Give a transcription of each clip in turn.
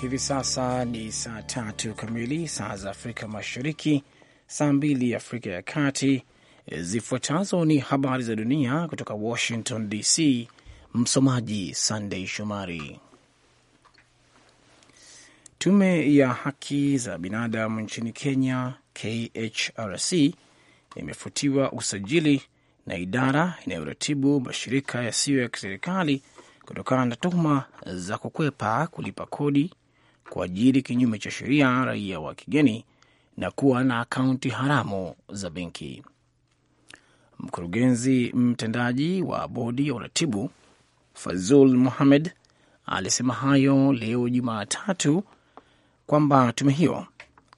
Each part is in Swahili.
Hivi sasa ni saa tatu kamili, saa za Afrika Mashariki, saa mbili Afrika ya Kati. Zifuatazo ni habari za dunia kutoka Washington DC. Msomaji Sandei Shomari. Tume ya haki za binadamu nchini Kenya KHRC imefutiwa usajili na idara inayoratibu mashirika yasiyo ya kiserikali kutokana na tuhuma za kukwepa kulipa kodi, kuajiri kinyume cha sheria raia wa kigeni na kuwa na akaunti haramu za benki. Mkurugenzi mtendaji wa bodi ya uratibu Fazul muhamed alisema hayo leo Jumatatu kwamba tume hiyo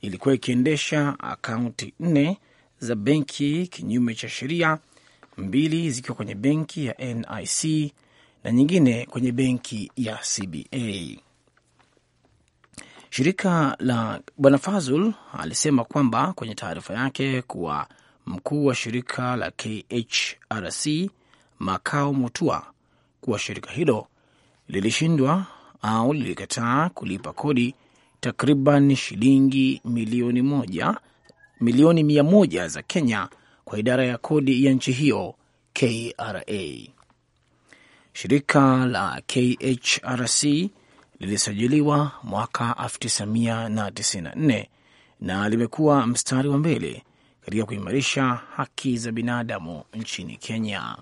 ilikuwa ikiendesha akaunti nne za benki kinyume cha sheria, mbili zikiwa kwenye benki ya NIC na nyingine kwenye benki ya CBA. Shirika la Bwana Fazul alisema kwamba kwenye taarifa yake kuwa mkuu wa shirika la KHRC Makao Mutua kuwa shirika hilo lilishindwa au lilikataa kulipa kodi takriban shilingi milioni moja, milioni mia moja za Kenya kwa idara ya kodi ya nchi hiyo KRA. Shirika la KHRC lilisajiliwa mwaka 1994 na limekuwa mstari wa mbele katika kuimarisha haki za binadamu nchini Kenya.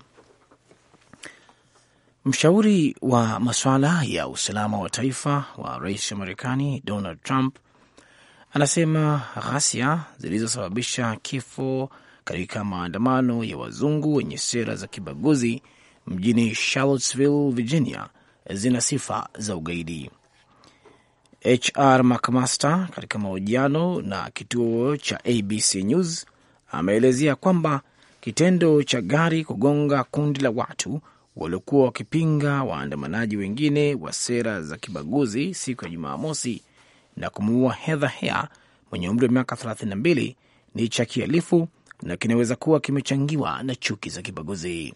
Mshauri wa masuala ya usalama wa taifa wa rais wa Marekani Donald Trump anasema ghasia zilizosababisha kifo katika maandamano ya wazungu wenye sera za kibaguzi mjini Charlottesville, Virginia zina sifa za ugaidi. HR McMaster katika mahojiano na kituo cha ABC News ameelezea kwamba kitendo cha gari kugonga kundi la watu waliokuwa wakipinga waandamanaji wengine wa sera za kibaguzi siku ya Jumamosi na kumuua Heather Heyer mwenye umri wa miaka 32 ni cha kihalifu na kinaweza kuwa kimechangiwa na chuki za kibaguzi.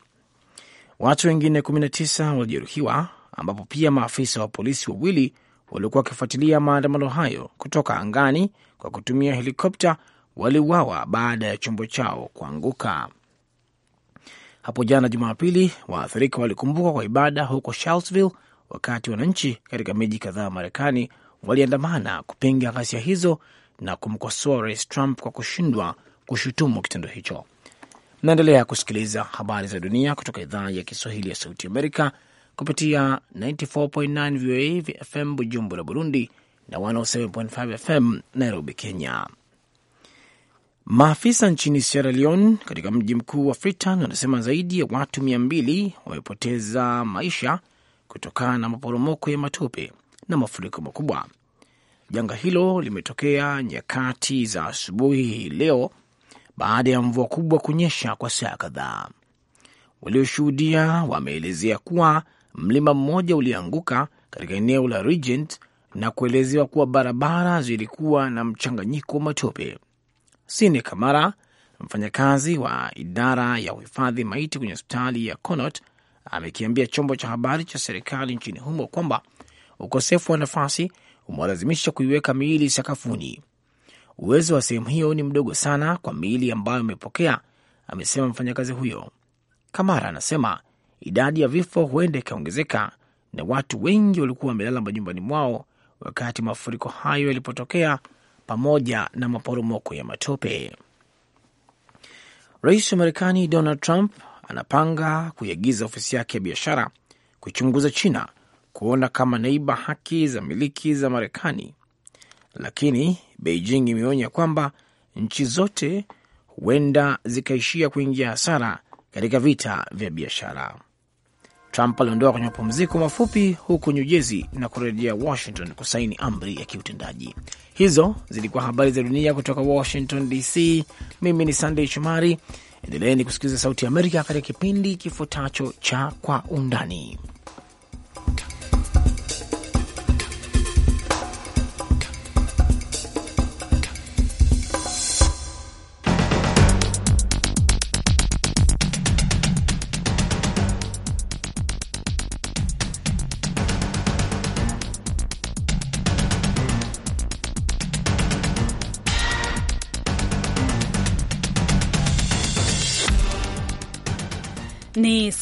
Watu wengine 19 walijeruhiwa, ambapo pia maafisa wa polisi wawili waliokuwa wakifuatilia maandamano hayo kutoka angani kwa kutumia helikopta waliuawa baada ya chombo chao kuanguka. Hapo jana Jumapili, waathirika walikumbukwa kwa ibada huko Charlottesville, wakati wananchi katika miji kadhaa Marekani waliandamana kupinga ghasia hizo na kumkosoa Rais Trump kwa kushindwa kushutumu kitendo hicho. Naendelea kusikiliza habari za dunia kutoka idhaa ya Kiswahili ya Sauti Amerika kupitia 94.9 VOA FM Bujumbura, Burundi na 107.5 FM Nairobi, Kenya. Maafisa nchini Sierra Leone katika mji mkuu wa Freetown wanasema zaidi ya watu mia mbili wamepoteza maisha kutokana na maporomoko ya matope na mafuriko makubwa. Janga hilo limetokea nyakati za asubuhi hii leo baada ya mvua kubwa kunyesha kwa saa kadhaa. Walioshuhudia wameelezea kuwa mlima mmoja ulianguka katika eneo la Regent na kuelezewa kuwa barabara zilikuwa na mchanganyiko wa matope. Sini Kamara, mfanyakazi wa idara ya uhifadhi maiti kwenye hospitali ya Connaught, amekiambia chombo cha habari cha serikali nchini humo kwamba ukosefu wa nafasi umewalazimisha kuiweka miili sakafuni. Uwezo wa sehemu hiyo ni mdogo sana kwa miili ambayo imepokea, amesema mfanyakazi huyo. Kamara anasema idadi ya vifo huenda ikaongezeka na watu wengi walikuwa wamelala majumbani mwao wakati mafuriko hayo yalipotokea pamoja na maporomoko ya matope. Rais wa Marekani Donald Trump anapanga kuiagiza ofisi yake ya biashara kuichunguza China kuona kama naiba haki za miliki za Marekani, lakini Beijing imeonya kwamba nchi zote huenda zikaishia kuingia hasara katika vita vya biashara. Trump aliondoka kwenye mapumziko mafupi huko New Jersey na kurejea Washington kusaini amri ya kiutendaji. Hizo zilikuwa habari za dunia kutoka Washington DC. Mimi ni Sandey Shomari. Endeleeni kusikiliza Sauti ya Amerika katika kipindi kifuatacho cha Kwa Undani.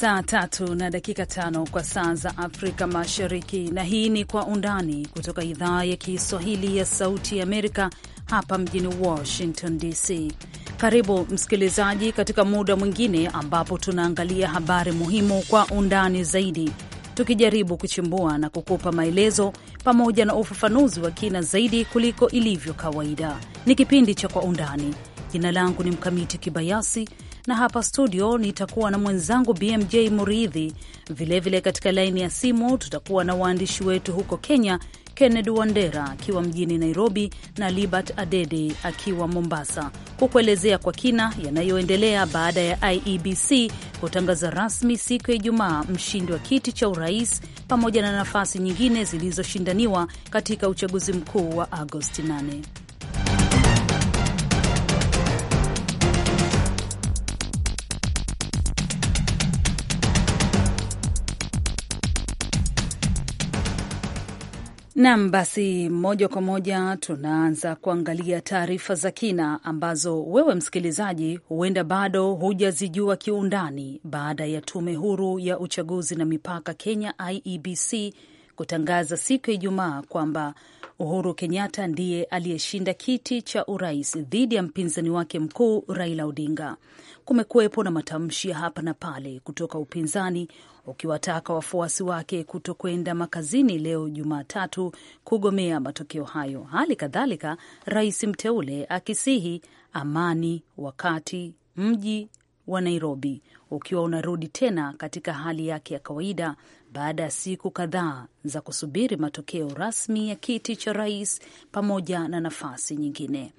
saa tatu na dakika tano kwa saa za Afrika Mashariki, na hii ni Kwa Undani kutoka idhaa ya Kiswahili ya Sauti ya Amerika hapa mjini Washington DC. Karibu msikilizaji, katika muda mwingine ambapo tunaangalia habari muhimu kwa undani zaidi, tukijaribu kuchimbua na kukupa maelezo pamoja na ufafanuzi wa kina zaidi kuliko ilivyo kawaida. Ni kipindi cha Kwa Undani. Jina langu ni Mkamiti Kibayasi na hapa studio nitakuwa na mwenzangu BMJ Muridhi. Vilevile katika laini ya simu tutakuwa na waandishi wetu huko Kenya, Kennedy Wandera akiwa mjini Nairobi na Libert Adede akiwa Mombasa, kukuelezea kwa kina yanayoendelea baada ya IEBC kutangaza rasmi siku ya Ijumaa mshindi wa kiti cha urais pamoja na nafasi nyingine zilizoshindaniwa katika uchaguzi mkuu wa Agosti 8. Nam, basi moja kwa moja tunaanza kuangalia taarifa za kina ambazo wewe msikilizaji huenda bado hujazijua kiundani, baada ya tume huru ya uchaguzi na mipaka Kenya IEBC kutangaza siku ya Ijumaa kwamba Uhuru Kenyatta ndiye aliyeshinda kiti cha urais dhidi ya mpinzani wake mkuu Raila Odinga. Kumekuwepo na matamshi ya hapa na pale kutoka upinzani ukiwataka wafuasi wake kutokwenda makazini leo Jumatatu kugomea matokeo hayo. Hali kadhalika, rais mteule akisihi amani wakati mji wa Nairobi ukiwa unarudi tena katika hali yake ya kawaida baada ya siku kadhaa za kusubiri matokeo rasmi ya kiti cha rais pamoja na nafasi nyingine.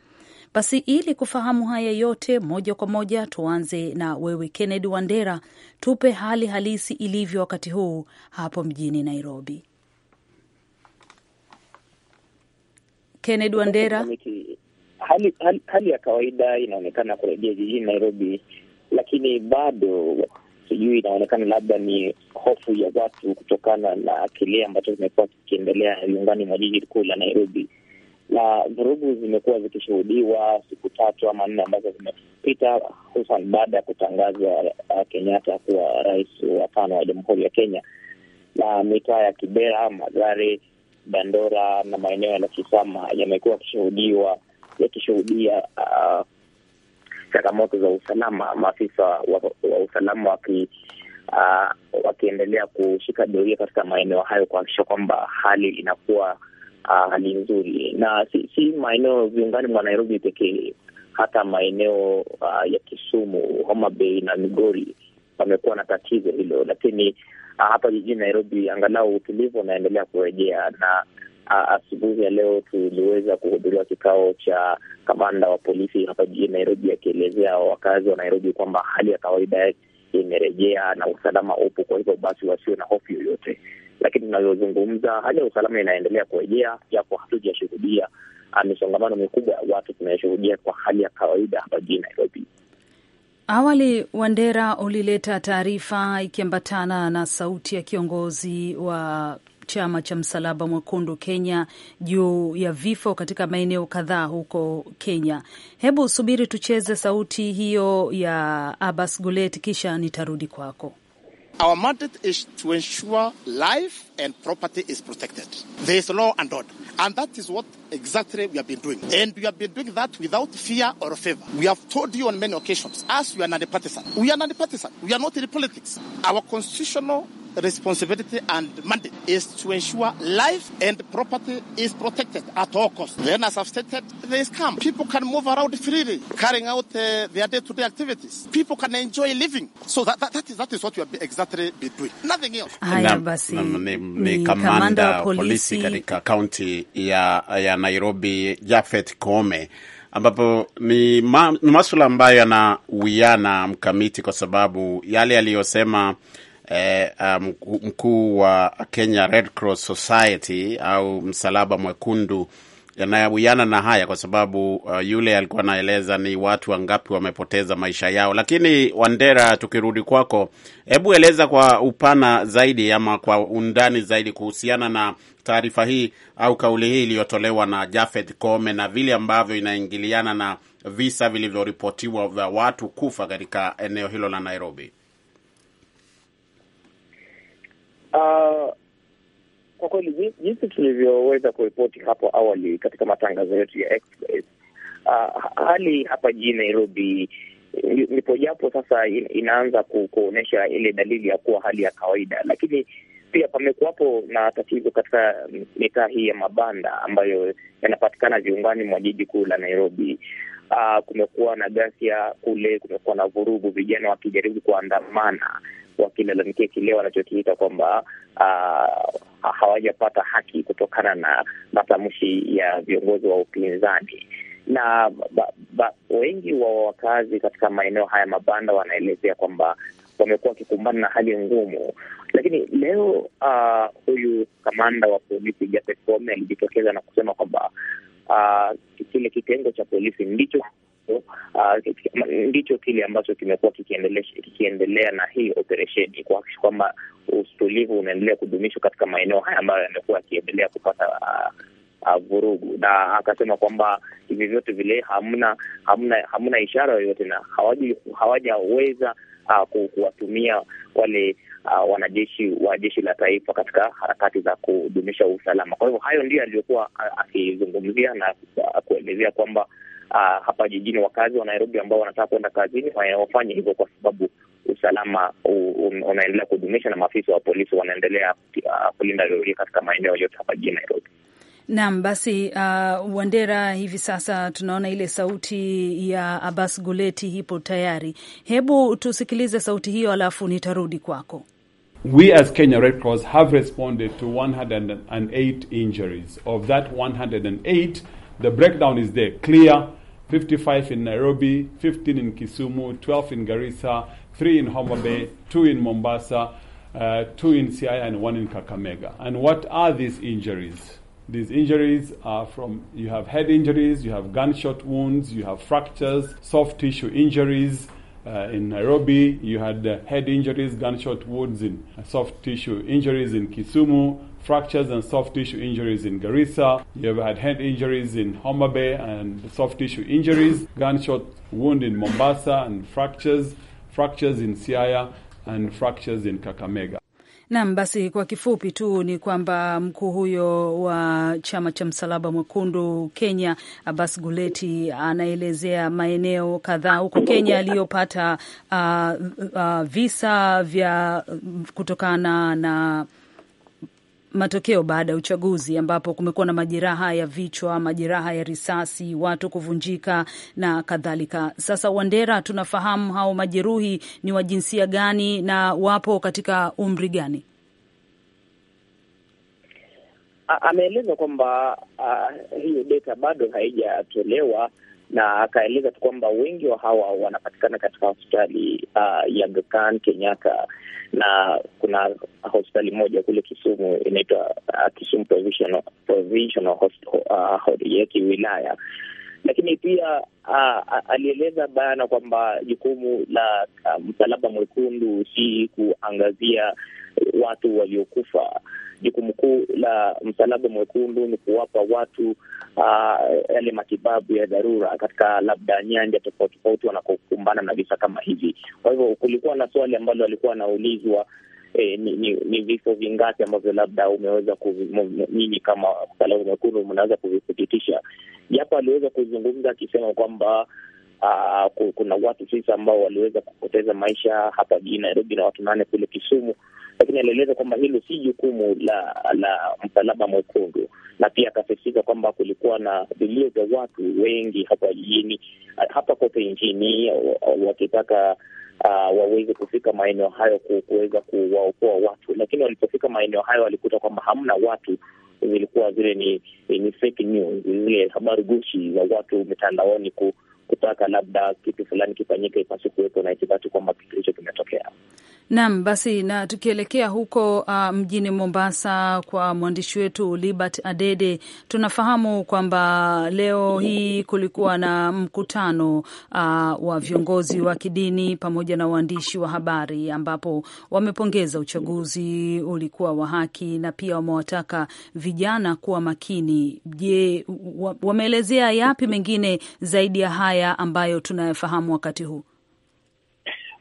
Basi ili kufahamu haya yote moja kwa moja, tuanze na wewe Kennedy Wandera, tupe hali halisi ilivyo wakati huu hapo mjini Nairobi. Kennedy Wandera. Hali, hali, hali ya kawaida inaonekana kurejea jijini Nairobi, lakini bado sijui inaonekana labda ni hofu ya watu kutokana na kile ambacho kimekuwa kikiendelea viungani mwa jiji kuu la Nairobi, na vurugu zimekuwa zikishuhudiwa siku tatu ama nne ambazo zimepita, hususan baada ya kutangazwa uh, Kenyatta kuwa rais wa tano wa jamhuri ya Kenya. Na mitaa ya Kibera, magare Dandora na maeneo ya Lakisama yamekuwa yakishuhudiwa yakishuhudia uh, changamoto za usalama, maafisa wa, wa usalama waki uh, wakiendelea kushika doria katika maeneo hayo kuhakikisha kwamba hali inakuwa uh, hali nzuri, na si, si maeneo viungani mwa Nairobi pekee, hata maeneo uh, ya Kisumu, Homa Bay na Migori wamekuwa na tatizo hilo, lakini uh, hapa jijini Nairobi angalau utulivu unaendelea kurejea na asubuhi ya leo tuliweza kuhudhuria kikao cha kamanda wa polisi hapa jijini Nairobi, akielezea wakazi wa Nairobi kwamba hali ya kawaida imerejea na usalama upo, kwa hivyo basi wasiwe na hofu yoyote. Lakini tunavyozungumza, hali ya usalama inaendelea kurejea, japo hatujashuhudia misongamano mikubwa ya watu tunayoshuhudia kwa hali ya kawaida hapa jijini Nairobi. Awali Wandera, ulileta taarifa ikiambatana na sauti ya kiongozi wa chama cha Msalaba Mwekundu Kenya juu ya vifo katika maeneo kadhaa huko Kenya. Hebu subiri tucheze sauti hiyo ya Abbas Gulet, kisha nitarudi kwako. Our mandate is to ensure life and property is protected. There is law and order. And that is what exactly we have been doing. And we have been doing that without fear or favor. We have told you on many occasions, as we are We are We are not in politics. Our constitutional responsibility and mandate is to ensure life and property is protected at all costs. Then, as I've stated, there is calm. People can move around freely, carrying out uh, their day-to-day activities. People can enjoy living. So that, that, that, is, that is what you are exactly be doing. Nothing else. Haya basi, ni, ni kamanda polisi katika kaunti ya, ya Nairobi Jafet Kome ambapo ni, ma, ni maswala ambayo yanawiana mkamiti kwa sababu yale aliyosema eh, ah, mkuu wa Kenya Red Cross Society au Msalaba Mwekundu yanayawiana na haya kwa sababu uh, yule alikuwa anaeleza ni watu wangapi wamepoteza maisha yao. Lakini Wandera, tukirudi kwako, hebu eleza kwa upana zaidi ama kwa undani zaidi kuhusiana na taarifa hii au kauli hii iliyotolewa na Jafet Kome na vile ambavyo inaingiliana na visa vilivyoripotiwa vya watu kufa katika eneo hilo la Nairobi. kweli, jinsi tulivyoweza kuripoti hapo awali katika matangazo yetu ya Express, uh, hali hapa jijini Nairobi ndipo japo sasa inaanza kuonyesha ile dalili ya kuwa hali ya kawaida, lakini pia pamekuwapo na tatizo katika mitaa hii ya mabanda ambayo yanapatikana viungani mwa jiji kuu la Nairobi. Uh, kumekuwa na ghasia kule, kumekuwa na vurugu, vijana wakijaribu kuandamana wakilalamikia kile wanachokiita kwamba uh, hawajapata haki kutokana na matamshi ya viongozi wa upinzani na ba, ba, wengi wa wakazi katika maeneo haya mabanda wanaelezea kwamba wamekuwa wakikumbana na hali ngumu, lakini leo uh, huyu kamanda wa polisi Japhet alijitokeza na kusema kwamba uh, kile kitengo cha polisi ndicho ambapo uh, ndicho kile ambacho kimekuwa kikiendelea na hii operesheni kuhakikisha kwamba utulivu unaendelea kudumishwa katika maeneo haya ambayo yamekuwa yakiendelea kupata uh, vurugu na akasema kwamba hivi vyote vile hamna hamna hamna ishara yoyote na hawajaweza uh, kuwatumia wale uh, wanajeshi wa jeshi la taifa katika harakati za kudumisha usalama. Kwa hivyo hayo ndio aliyokuwa akizungumzia na kuelezea kwamba uh, hapa jijini, wakazi wa Nairobi ambao wanataka kwenda kazini wafanye hivyo, kwa sababu usalama un, unaendelea kudumisha na maafisa wa polisi wanaendelea uh, kulinda raia katika maeneo yote hapa jijini Nairobi. Naam, basi uh, Wandera, hivi sasa tunaona ile sauti ya Abbas Guleti ipo tayari. Hebu tusikilize sauti hiyo, alafu nitarudi kwako. We as Kenya Red Cross have responded to 108 injuries. Of that 108, the breakdown is there. Clear, 55 in Nairobi, 15 in Kisumu, 12 in Garissa, 3 in Homa Bay, 2 in Mombasa, uh, 2 in Siaya, and 1 in Kakamega. And what are these injuries? These injuries are from you have head injuries, you have gunshot wounds, you have fractures, soft tissue injuries, uh, in Nairobi, you had uh, head injuries, gunshot wounds in uh, soft tissue injuries in Kisumu, fractures and soft tissue injuries in Garissa. You have had head injuries in Homa Bay and soft tissue injuries, gunshot wound in Mombasa and fractures, fractures in Siaya and fractures in Kakamega. Nam, basi kwa kifupi tu ni kwamba mkuu huyo wa chama cha Msalaba Mwekundu Kenya, Abbas Guleti, anaelezea maeneo kadhaa huko Kenya aliyopata uh, uh, visa vya kutokana na matokeo baada ya uchaguzi ambapo kumekuwa na majeraha ya vichwa, majeraha ya risasi, watu kuvunjika na kadhalika. Sasa Wandera, tunafahamu hao majeruhi ni wa jinsia gani na wapo katika umri gani? Ameeleza kwamba hiyo data bado haijatolewa na akaeleza tu kwamba wengi wa hawa wanapatikana katika hospitali uh, ya Aga Kenyatta, na kuna hospitali moja kule Kisumu inaitwa uh, Kisumu Provisional, Provisional uh, kiwilaya lakini pia uh, alieleza bayana kwamba jukumu la uh, Msalaba Mwekundu si kuangazia watu waliokufa jukumu kuu la Msalaba Mwekundu ni kuwapa watu uh, yale matibabu ya dharura katika labda nyanja tofauti tofauti wanakokumbana na visa kama hivi. Kwa hivyo kulikuwa na swali ambalo alikuwa anaulizwa E, ni, ni, ni vifo vingapi ambavyo labda umeweza nyinyi kama Msalaba Mwekundu mnaweza kuvithibitisha? Japo aliweza kuzungumza akisema kwamba Uh, kuna watu sisa ambao waliweza kupoteza maisha hapa jijini Nairobi na watu nane kule Kisumu, lakini alieleza kwamba hilo si jukumu la la Msalaba Mwekundu, na pia akasisitiza kwamba kulikuwa na vilio vya watu wengi hapa jijini, hapa kote nchini wakitaka Uh, waweze kufika maeneo hayo kuweza kuwaokoa watu, lakini walipofika maeneo hayo walikuta kwamba hamna watu. Zilikuwa zile ni, ni fake news, zile habari gushi za watu mitandaoni ku kutaka labda kitu fulani kifanyike, ipasi kuwepo na itibati kwamba kitu hicho kimetokea. Nam basi, na tukielekea huko uh, mjini Mombasa kwa mwandishi wetu Libert Adede, tunafahamu kwamba leo hii kulikuwa na mkutano uh, wa viongozi wa kidini pamoja na waandishi wa habari ambapo wamepongeza uchaguzi ulikuwa wa haki na pia wamewataka vijana kuwa makini. Je, wameelezea yapi mengine zaidi ya haya ambayo tunayafahamu wakati huu?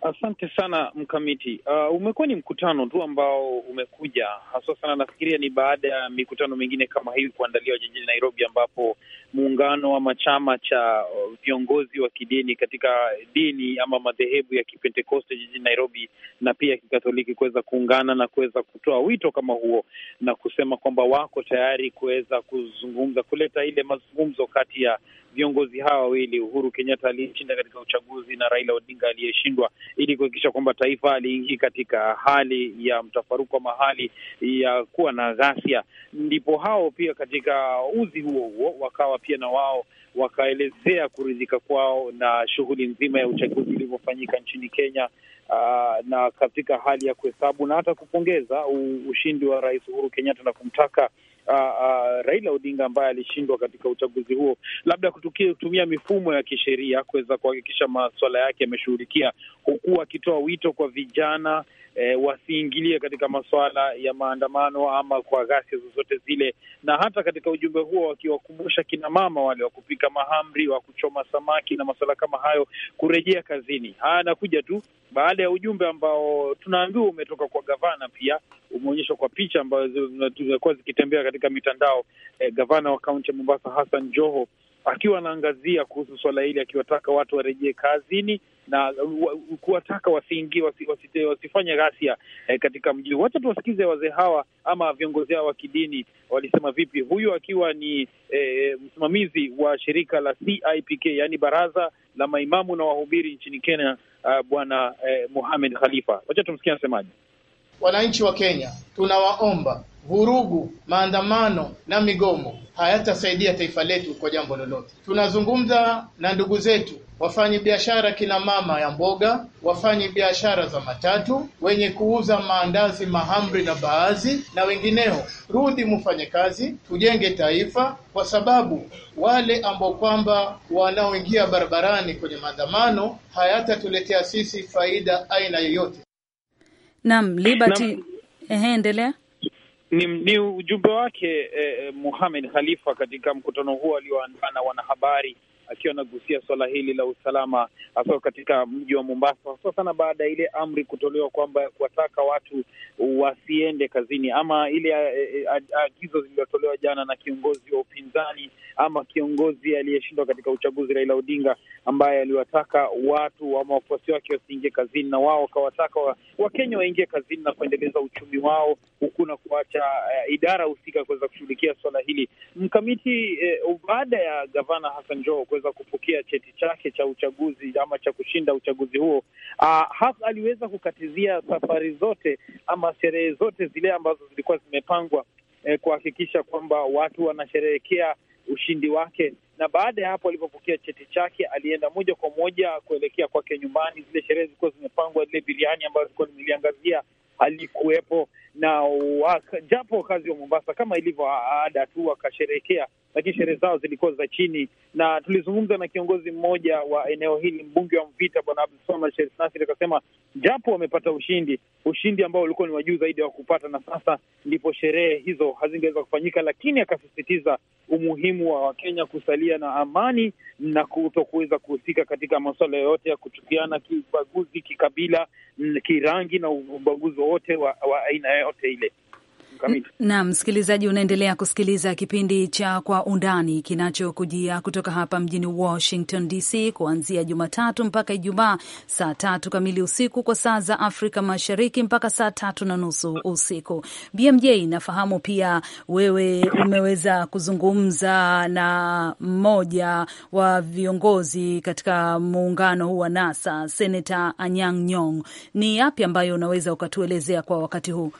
Asante sana Mkamiti. Uh, umekuwa ni mkutano tu ambao umekuja haswa sana, nafikiria ni baada ya mikutano mingine kama hii kuandaliwa jijini Nairobi, ambapo muungano ama chama cha uh, viongozi wa kidini katika dini ama madhehebu ya Kipentekoste jijini Nairobi na pia ya Kikatoliki kuweza kuungana na kuweza kutoa wito kama huo na kusema kwamba wako tayari kuweza kuzungumza, kuleta ile mazungumzo kati ya viongozi hawa wawili, Uhuru Kenyatta aliyeshinda katika uchaguzi na Raila Odinga aliyeshindwa, ili kuhakikisha kwamba taifa aliingii katika hali ya mtafaruko ama hali ya kuwa na ghasia. Ndipo hao pia katika uzi huo huo wakawa pia na wao wakaelezea kuridhika kwao na shughuli nzima ya uchaguzi ulivyofanyika nchini Kenya. Uh, na katika hali ya kuhesabu na hata kupongeza ushindi wa Rais Uhuru Kenyatta na kumtaka Uh, uh, Raila Odinga ambaye alishindwa katika uchaguzi huo, labda kutukia, kutumia mifumo ya kisheria kuweza kuhakikisha masuala yake yameshughulikia, huku akitoa wito kwa vijana e, wasiingilie katika masuala ya maandamano ama kwa ghasia zozote zile, na hata katika ujumbe huo wakiwakumbusha kina mama wale wa kupika mahamri, wa kuchoma samaki na masuala kama hayo kurejea kazini. Haya anakuja tu baada ya ujumbe ambao tunaambiwa umetoka kwa gavana, pia umeonyeshwa kwa picha ambazo zimekuwa zikitembea katika mitandao e, gavana wa kaunti ya Mombasa Hassan Joho akiwa anaangazia kuhusu swala hili, akiwataka watu warejee kazini na uh, kuwataka wasiingie wasi, wasi, wasifanye ghasia eh, katika mji. Wacha tuwasikize wazee hawa ama viongozi hao wa kidini walisema vipi. Huyu akiwa ni eh, msimamizi wa shirika la CIPK, yaani baraza la maimamu na wahubiri nchini Kenya, uh, bwana eh, Muhamed Khalifa. Wacha tumsikia anasemaje. Wananchi wa Kenya tunawaomba vurugu, maandamano na migomo hayatasaidia taifa letu kwa jambo lolote. Tunazungumza na ndugu zetu wafanyi biashara, kina mama ya mboga, wafanyi biashara za matatu, wenye kuuza maandazi, mahamri na baazi na wengineo. Rudi mfanye kazi, tujenge taifa, kwa sababu wale ambao kwamba wanaoingia barabarani kwenye maandamano hayatatuletea sisi faida aina yoyote. Naam, Liberty, ehe, endelea. Ni, ni ujumbe wake eh, eh Muhamed Khalifa katika mkutano huo alioandaa na wanahabari akiwa anagusia swala hili la usalama hasa katika mji wa Mombasa, hasa sana baada ya ile amri kutolewa kwamba kuwataka watu wasiende kazini ama ile eh, eh, agizo zililotolewa jana na kiongozi wa upinzani ama kiongozi aliyeshindwa katika uchaguzi Raila Odinga, ambaye aliwataka watu ama wafuasi wake wasiingie kazini, na wao wakawataka Wakenya waingie kazini na kuendeleza uchumi wao, huku na kuacha uh, idara husika kuweza kushughulikia swala hili mkamiti uh, baada ya gavana Hassan Joho kuweza kupokea cheti chake cha uchaguzi ama cha kushinda uchaguzi huo. Uh, ah, Haf aliweza kukatizia safari zote ama sherehe zote zile ambazo zilikuwa zimepangwa eh, kuhakikisha kwamba watu wanasherehekea ushindi wake na baada ya hapo alipopokea cheti chake alienda moja kwa moja kuelekea kwake nyumbani. Zile sherehe zilikuwa zimepangwa, lile biriani ambayo zilikuwa nimeliangazia alikuwepo na japo wakazi wa Mombasa kama ilivyo ada tu wakasherehekea, lakini sherehe zao zilikuwa za chini. Na tulizungumza na kiongozi mmoja wa eneo hili, mbunge wa Mvita Bwana Abdulswamad Sharif Nasir, akasema japo wamepata ushindi, ushindi ambao ulikuwa ni wa juu zaidi wa kupata, na sasa ndipo sherehe hizo hazingeweza kufanyika, lakini akasisitiza umuhimu wa Wakenya kusalia na amani na kuto kuweza kuhusika katika masuala yoyote ya kuchukiana, kiubaguzi, kikabila, mm, kirangi na ubaguzi wowote wa aina yote Kamili. Naam, msikilizaji, unaendelea kusikiliza kipindi cha Kwa Undani kinachokujia kutoka hapa mjini Washington DC kuanzia Jumatatu mpaka Ijumaa saa tatu kamili usiku kwa saa za Afrika Mashariki mpaka saa tatu na nusu usiku. BMJ, nafahamu pia wewe umeweza kuzungumza na mmoja wa viongozi katika muungano huu wa NASA, Senata Anyang' Nyong'. Ni yapi ambayo unaweza ukatuelezea kwa wakati huu?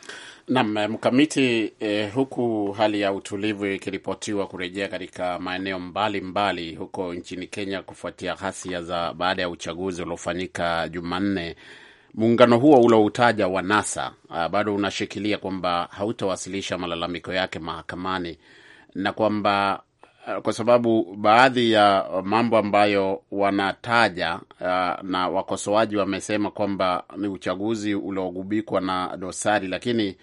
Nam eh, mkamiti eh, huku hali ya utulivu ikiripotiwa kurejea katika maeneo mbalimbali mbali, huko nchini Kenya kufuatia ghasia za baada ya uchaguzi uliofanyika Jumanne. Muungano huo ulioutaja wa NASA ah, bado unashikilia kwamba hautawasilisha malalamiko yake mahakamani na kwamba ah, kwa sababu baadhi ya mambo ambayo wanataja ah, na wakosoaji wamesema kwamba ni uchaguzi uliogubikwa na dosari, lakini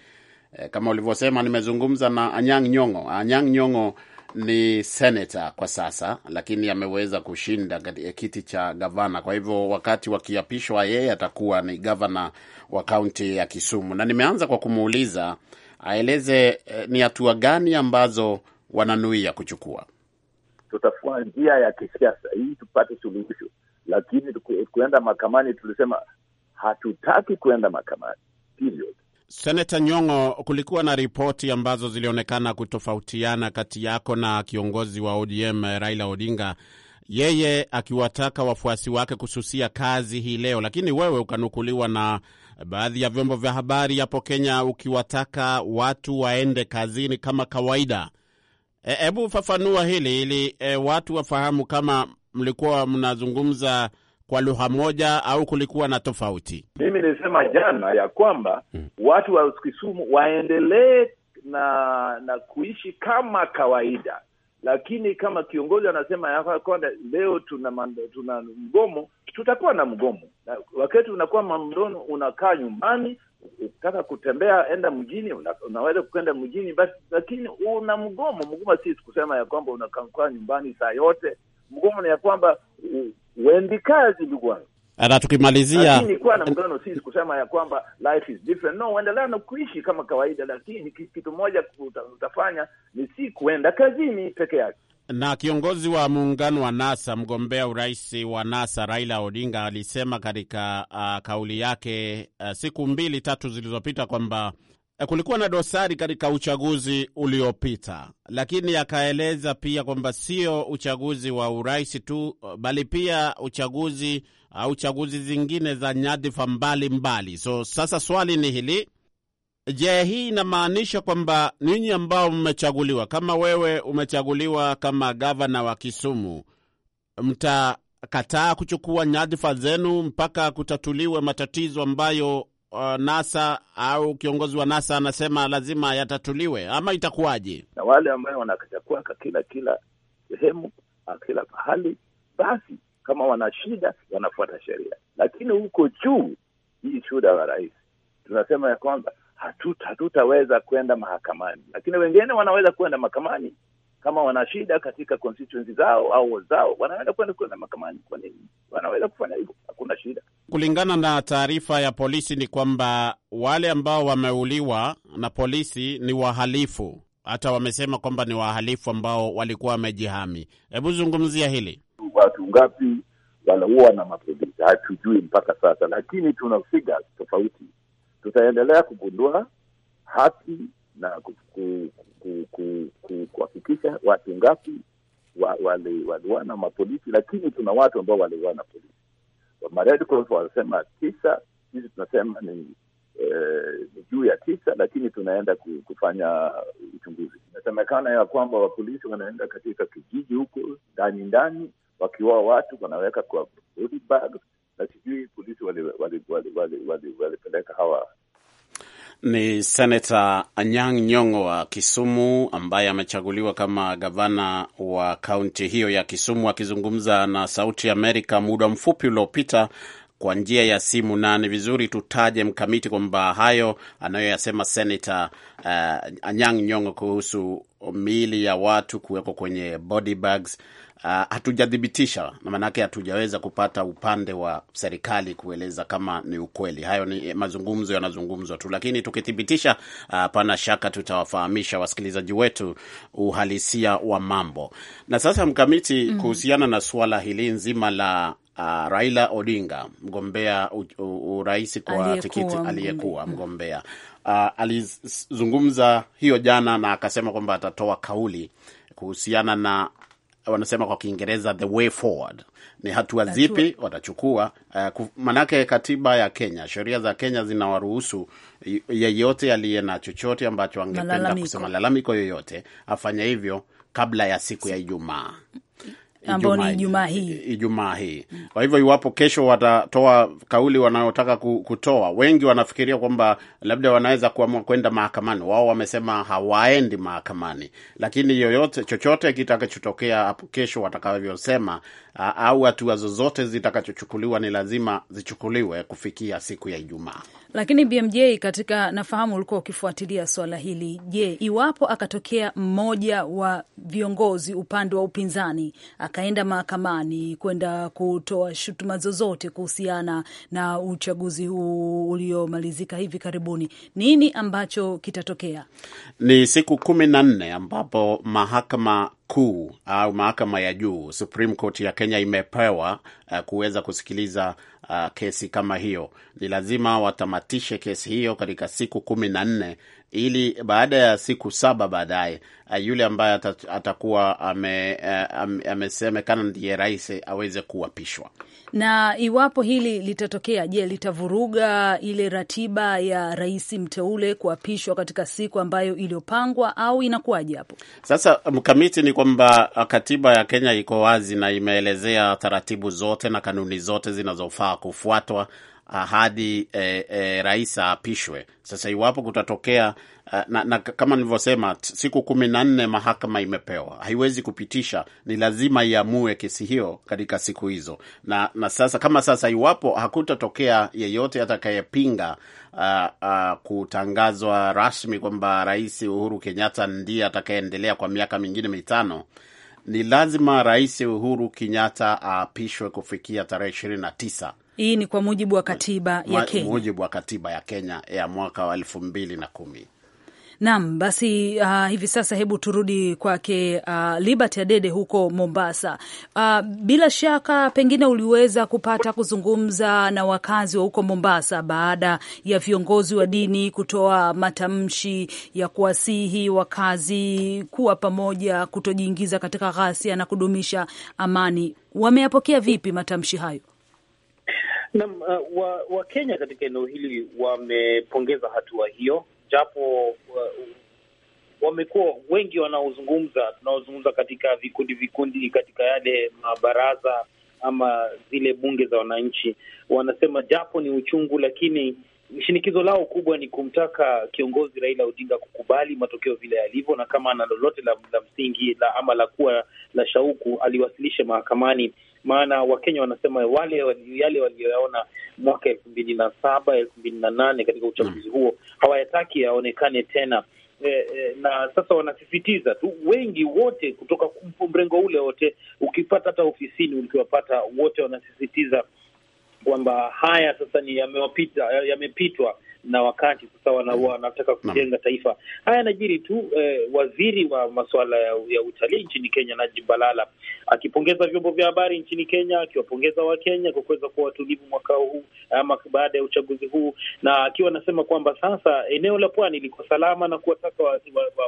Eh, kama ulivyosema, nimezungumza na Anyang' Nyong'o. Anyang' Nyong'o ni senator kwa sasa, lakini ameweza kushinda eh, kiti cha gavana. Kwa hivyo wakati wakiapishwa, yeye atakuwa ni gavana wa kaunti ya Kisumu, na nimeanza kwa kumuuliza aeleze eh, ni hatua gani ambazo wananuia kuchukua. Tutafua njia ya kisiasa hii tupate suluhisho, lakini kuenda mahakamani, tulisema hatutaki kuenda mahakamani period. Seneta Nyong'o, kulikuwa na ripoti ambazo zilionekana kutofautiana kati yako na kiongozi wa ODM Raila Odinga, yeye akiwataka wafuasi wake kususia kazi hii leo, lakini wewe ukanukuliwa na baadhi ya vyombo vya habari hapo Kenya ukiwataka watu waende kazini kama kawaida. Hebu e, fafanua hili ili e, watu wafahamu kama mlikuwa mnazungumza kwa lugha moja au kulikuwa na tofauti? Mimi nilisema jana ya kwamba hmm, watu wa Kisumu waendelee na na kuishi kama kawaida, lakini kama kiongozi anasema ya kwamba leo tuna mando, tuna mgomo, tutakuwa na mgomo. Wakati unakuwa mamdono, unakaa nyumbani ukitaka kutembea enda mjini una, unaweza kuenda mjini basi, lakini una mgomo. Mgomo si kusema ya kwamba unakaa nyumbani saa yote. Mgomo ni ya kwamba wendi kazi, ndugu wangu. ana tukimalizia, kuwa na mgano sisi kusema ya kwamba life is different. No, uendelea na kuishi kama kawaida, lakini kitu moja utafanya ni si kuenda kazini peke yake na kiongozi wa muungano wa NASA, mgombea urais wa NASA Raila Odinga alisema katika uh, kauli yake uh, siku mbili tatu zilizopita kwamba Eh, kulikuwa na dosari katika uchaguzi uliopita, lakini akaeleza pia kwamba sio uchaguzi wa urais tu, bali pia uchaguzi au chaguzi zingine za nyadhifa mbalimbali. So sasa swali ni hili, je, hii inamaanisha kwamba ninyi ambao mmechaguliwa, kama wewe umechaguliwa kama gavana wa Kisumu, mtakataa kuchukua nyadhifa zenu mpaka kutatuliwe matatizo ambayo Uh, NASA au kiongozi wa NASA anasema lazima yatatuliwe, ama itakuwaje? Na wale ambayo wanakachakwaka kila kila sehemu uh, kila pahali, basi kama wana shida wanafuata sheria, lakini huko juu, hii shuda wa rais tunasema ya kwamba hatuta hatutaweza kwenda mahakamani, lakini wengine wanaweza kwenda mahakamani kama wana shida katika constituency zao au zao, wanaweza kwenda kwenda mahakamani. Kwa nini wanaweza kufanya hivyo? Hakuna shida. Kulingana na taarifa ya polisi ni kwamba wale ambao wameuliwa na polisi ni wahalifu, hata wamesema kwamba ni wahalifu ambao walikuwa wamejihami. Hebu zungumzia hili, watu ngapi wanaua na mapolisi hatujui mpaka sasa, lakini tuna figures tofauti. Tutaendelea kugundua haki na kuhakikisha ku, ku, watu ngapi waliwana mapolisi, lakini tuna watu ambao waliwana polisi. wanasema tisa, sisi tunasema ni eh, juu ya tisa, lakini tunaenda kufanya uchunguzi. Inasemekana ya kwamba wapolisi wanaenda katika kijiji huko ndani ndani, wakiwaa watu wanaweka kwa body bag, na sijui polisi walipeleka wali, wali, wali, wali, wali hawa ni Senata Anyang' Nyong'o wa Kisumu ambaye amechaguliwa kama gavana wa kaunti hiyo ya Kisumu, akizungumza na Sauti Amerika muda mfupi uliopita kwa njia ya simu, na ni vizuri tutaje mkamiti kwamba hayo anayoyasema Senata uh, eh, Anyang' Nyong'o kuhusu miili ya watu kuwekwa kwenye body bags Ah, hatujathibitisha na maanake hatujaweza kupata upande wa serikali kueleza kama ni ukweli. Hayo ni eh, mazungumzo yanazungumzwa tu, lakini tukithibitisha, ah, pana shaka tutawafahamisha wasikilizaji wetu uhalisia wa mambo. Na sasa mkamiti, mm -hmm. kuhusiana na suala hili nzima la Uh, Raila Odinga mgombea urais kwa tikiti aliyekuwa mgombea uh, alizungumza hiyo jana na akasema kwamba atatoa kauli kuhusiana na wanasema kwa Kiingereza the way forward ni hatua zipi watachukua. Uh, manake katiba ya Kenya, sheria za Kenya zinawaruhusu yeyote aliye na chochote ambacho angependa kusema, lalamiko yoyote afanye hivyo kabla ya siku ya Ijumaa ambao ni Ijumaa hii, Ijumaa hii. Kwa hivyo iwapo kesho watatoa kauli wanayotaka kutoa, wengi wanafikiria kwamba labda wanaweza kuamua kwenda mahakamani. Wao wamesema hawaendi mahakamani, lakini yoyote chochote kitakachotokea hapo kesho, watakavyosema au hatua zozote zitakachochukuliwa, ni lazima zichukuliwe kufikia siku ya Ijumaa. Lakini BMJ, katika nafahamu ulikuwa ukifuatilia swala hili. Je, iwapo akatokea mmoja wa viongozi upande wa upinzani akaenda mahakamani kwenda kutoa shutuma zozote kuhusiana na uchaguzi huu uliomalizika hivi karibuni, nini ambacho kitatokea? Ni siku kumi na nne ambapo mahakama kuu au mahakama ya juu Supreme Court ya Kenya imepewa uh, kuweza kusikiliza uh, kesi kama hiyo. Ni lazima watamatishe kesi hiyo katika siku kumi na nne ili baada ya siku saba baadaye eh, yule ambaye atakuwa eh, amesemekana ame, ame ndiye rais eh, aweze kuapishwa. Na iwapo hili litatokea, je, litavuruga ile ratiba ya rais mteule kuapishwa katika siku ambayo iliyopangwa au inakuwaje hapo? Sasa mkamiti ni kwamba katiba ya Kenya iko wazi na imeelezea taratibu zote na kanuni zote zinazofaa kufuatwa hadi eh, eh, rais aapishwe. Sasa iwapo kutatokea eh, na, na kama nilivyosema, siku kumi na nne mahakama imepewa, haiwezi kupitisha, ni lazima iamue kesi hiyo katika siku hizo. Na, na sasa kama sasa, iwapo hakutatokea yeyote atakayepinga uh, uh, kutangazwa rasmi kwamba Rais Uhuru Kenyatta ndiye atakayeendelea kwa miaka mingine mitano, ni lazima Rais Uhuru Kenyatta aapishwe kufikia tarehe ishirini na tisa hii ni kwa mujibu wa katiba ya Kenya, mujibu wa katiba ya Kenya ya mwaka wa elfu mbili na kumi. Naam, basi uh, hivi sasa hebu turudi kwake uh, Liberty Adede huko Mombasa. Uh, bila shaka pengine uliweza kupata kuzungumza na wakazi wa huko Mombasa baada ya viongozi wa dini kutoa matamshi ya kuwasihi wakazi kuwa pamoja, kutojiingiza katika ghasia na kudumisha amani. Wameyapokea vipi matamshi hayo? Naam, uh, wa, wa katika eneo hili wamepongeza hatua wa hiyo, japo uh, wamekuwa wengi wanaozungumza tunaozungumza katika vikundi vikundi, katika yale mabaraza ama zile bunge za wananchi, wanasema japo ni uchungu, lakini shinikizo lao kubwa ni kumtaka kiongozi Raila Odinga kukubali matokeo vile yalivyo, na kama ana lolote la, la msingi la ama la kuwa la shauku aliwasilishe mahakamani maana Wakenya wanasema wale yale waliyoyaona mwaka elfu mbili na saba elfu mbili na nane katika uchaguzi hmm. huo hawayataki yaonekane tena. E, e, na sasa wanasisitiza tu wengi wote kutoka mrengo ule wote, ukipata hata ofisini ukiwapata wote wanasisitiza kwamba haya sasa ni yamewapita, yamepitwa na wakati sasa mm. wanataka kujenga taifa. Haya najiri tu eh, waziri wa masuala ya, ya utalii nchini Kenya Najib Balala akipongeza vyombo vya habari nchini Kenya, akiwapongeza Wakenya kwa kuweza kuwa watulivu mwaka huu ama baada ya uchaguzi huu, na akiwa anasema kwamba sasa eneo la pwani liko salama na kuwataka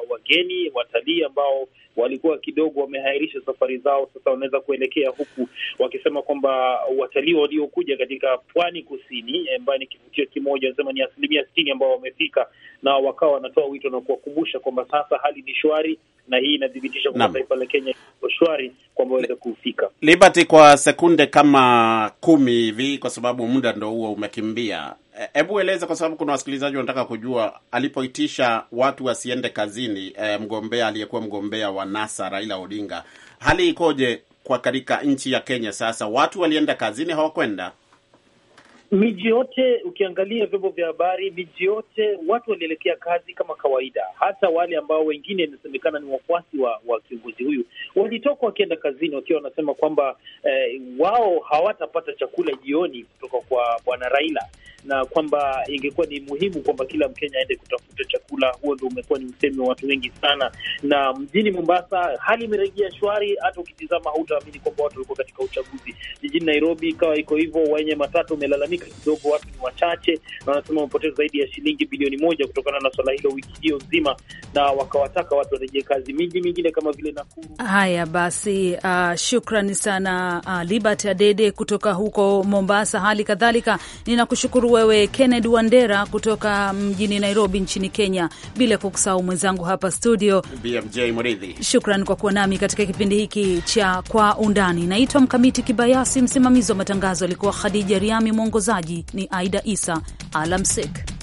wageni wa, wa, wa watalii ambao walikuwa kidogo wamehairisha safari zao, sasa wanaweza kuelekea huku, wakisema kwamba watalii waliokuja katika pwani kusini eh, ambayo ni kivutio kimoja wanasema ni asili asilimia sitini ambao wamefika na wakawa wanatoa wito na kuwakumbusha kwamba sasa hali ni shwari, na hii inathibitisha kwamba taifa la Kenya iko shwari kwamba waweze kufika. Liberty, kwa sekunde kama kumi hivi, kwa sababu muda ndo huo umekimbia, e, hebu eleza, kwa sababu kuna wasikilizaji wanataka kujua, alipoitisha watu wasiende kazini, e, mgombea aliyekuwa mgombea wa NASA Raila Odinga, hali ikoje kwa katika nchi ya Kenya sasa? Watu walienda kazini, hawakwenda Miji yote ukiangalia vyombo vya habari, miji yote watu walielekea kazi kama kawaida. Hata wale ambao wengine inasemekana ni wafuasi wa, wa kiongozi huyu walitoka wakienda kazini wakiwa wanasema kwamba eh, wao hawatapata chakula jioni kutoka kwa bwana Raila na kwamba ingekuwa ni muhimu kwamba kila Mkenya aende kutafuta chakula chakula. Huo ndo umekuwa ni usemi wa watu wengi sana, na mjini Mombasa hali imerejea shwari. Hata ukitizama hautaamini kwamba watu walikuwa katika uchaguzi. Jijini Nairobi ikawa iko hivyo, wenye matatu wamelalamika kidogo, watu ni wachache, na wanasema wamepoteza zaidi ya shilingi bilioni moja kutokana na swala hilo wiki hiyo nzima, na wakawataka watu warejee kazi. Miji mingine kama vile Nakuru. Haya basi, uh, shukrani sana uh, Libert Adede kutoka huko Mombasa. Hali kadhalika ninakushukuru wewe Kennedy Wandera kutoka mjini Nairobi nchini Kenya. Tanzania, bila kukusahau mwenzangu hapa studio BMJ Mridhi. Shukran kwa kuwa nami katika kipindi hiki cha Kwa Undani. Naitwa Mkamiti Kibayasi, msimamizi wa matangazo alikuwa Khadija Riami, mwongozaji ni Aida Isa. Alamsik.